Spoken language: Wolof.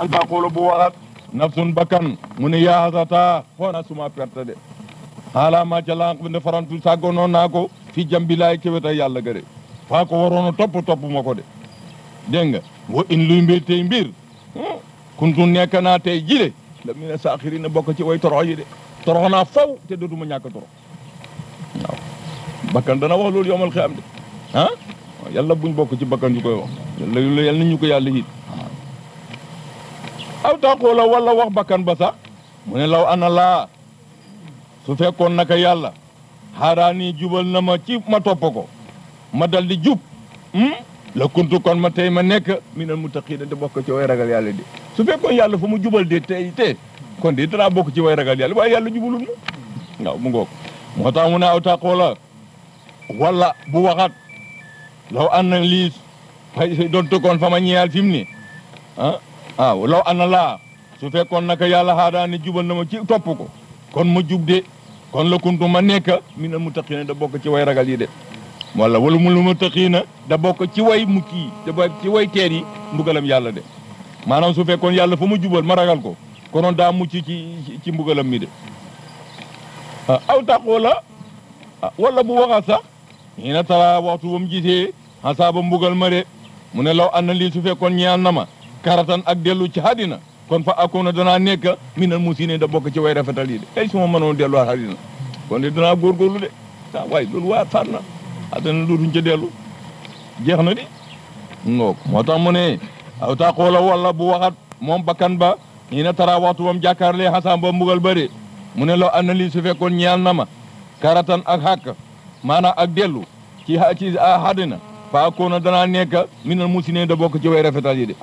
an kolo bu warat nafsun bakkan mun ya yaa hona suma perte de ala ma ca lanq bi ne farantu nako fi jambi lay jambilaay keweta yalla gere fa ko worono top top mako de denga wo in luy mbir tey mbir hmm? kuntu nekk naa jile la min saakhirina bok na ci way toro yi de toro na faw te dootuma ñàkk torox waaw bakkan dana wax lol yomal xiyam de ah yalla buñ bok ci bakkan ñukoy wax yalla yalla ñukoy yalla hit aw taqoola wala wax bakkan ba sax mune law ana la su fekkon naka yalla harani jubal nama ma ci ma ko ma dal di jub hmm? la kuntu kon ma tay ma min minal muttaqiina de bok ci way ragal yalla di su fekkon yalla fu mu jubal de tay te kon di dara bok ci way ragal yalla way yalla jubalul mu ngaw mu ngok mota tax mu aw taqoola wala bu waxat law ana li lii doon tukkoon fa ma waaw law ana laa su fekkoon naka yàlla xaadaani jubal na ma ci topp ko kon mu jub de kon la kuntu ma nekk minal muttaqiina da bokk ci way ragal yi de wala wala mu lu mu muttaqiina da bokk ci way mukk yi da bokk ci way teer yi mbugalam yàlla de maanaam su fekkoon yàlla fa mu jubal ma ragal ko konoon daa mucc ci ci mbugalam mi de ah, aw taqoo la ah, wala bu waxat sax ñi na tara waxtu ba mu gisee xasaaba mbugal ma de mu ne law an na lii su fekkoon ñaan na ma karatan ak dellu ci hadina kon fa akoona danaa nekk minal musine da bokk ci way rafetal yi de ay suma mënoon delluwaat hadina kon de danaa góorgóorlu de ah waaye loolu waa far na àddina dootuñ dellu jeex na de ngoog moo tax mu ne aw taqoola wala bu waxat moom bakkan ba ñi na tara waxtu bam jàkkaarlee xasaan ba mbugal bëri mu ne loo analyse su fekkoon ñeel na ma karatan ak xàkk maanaam ak dellu ci ci hadina ah, fa akoona danaa nekk minal musine da bokk ci rafetal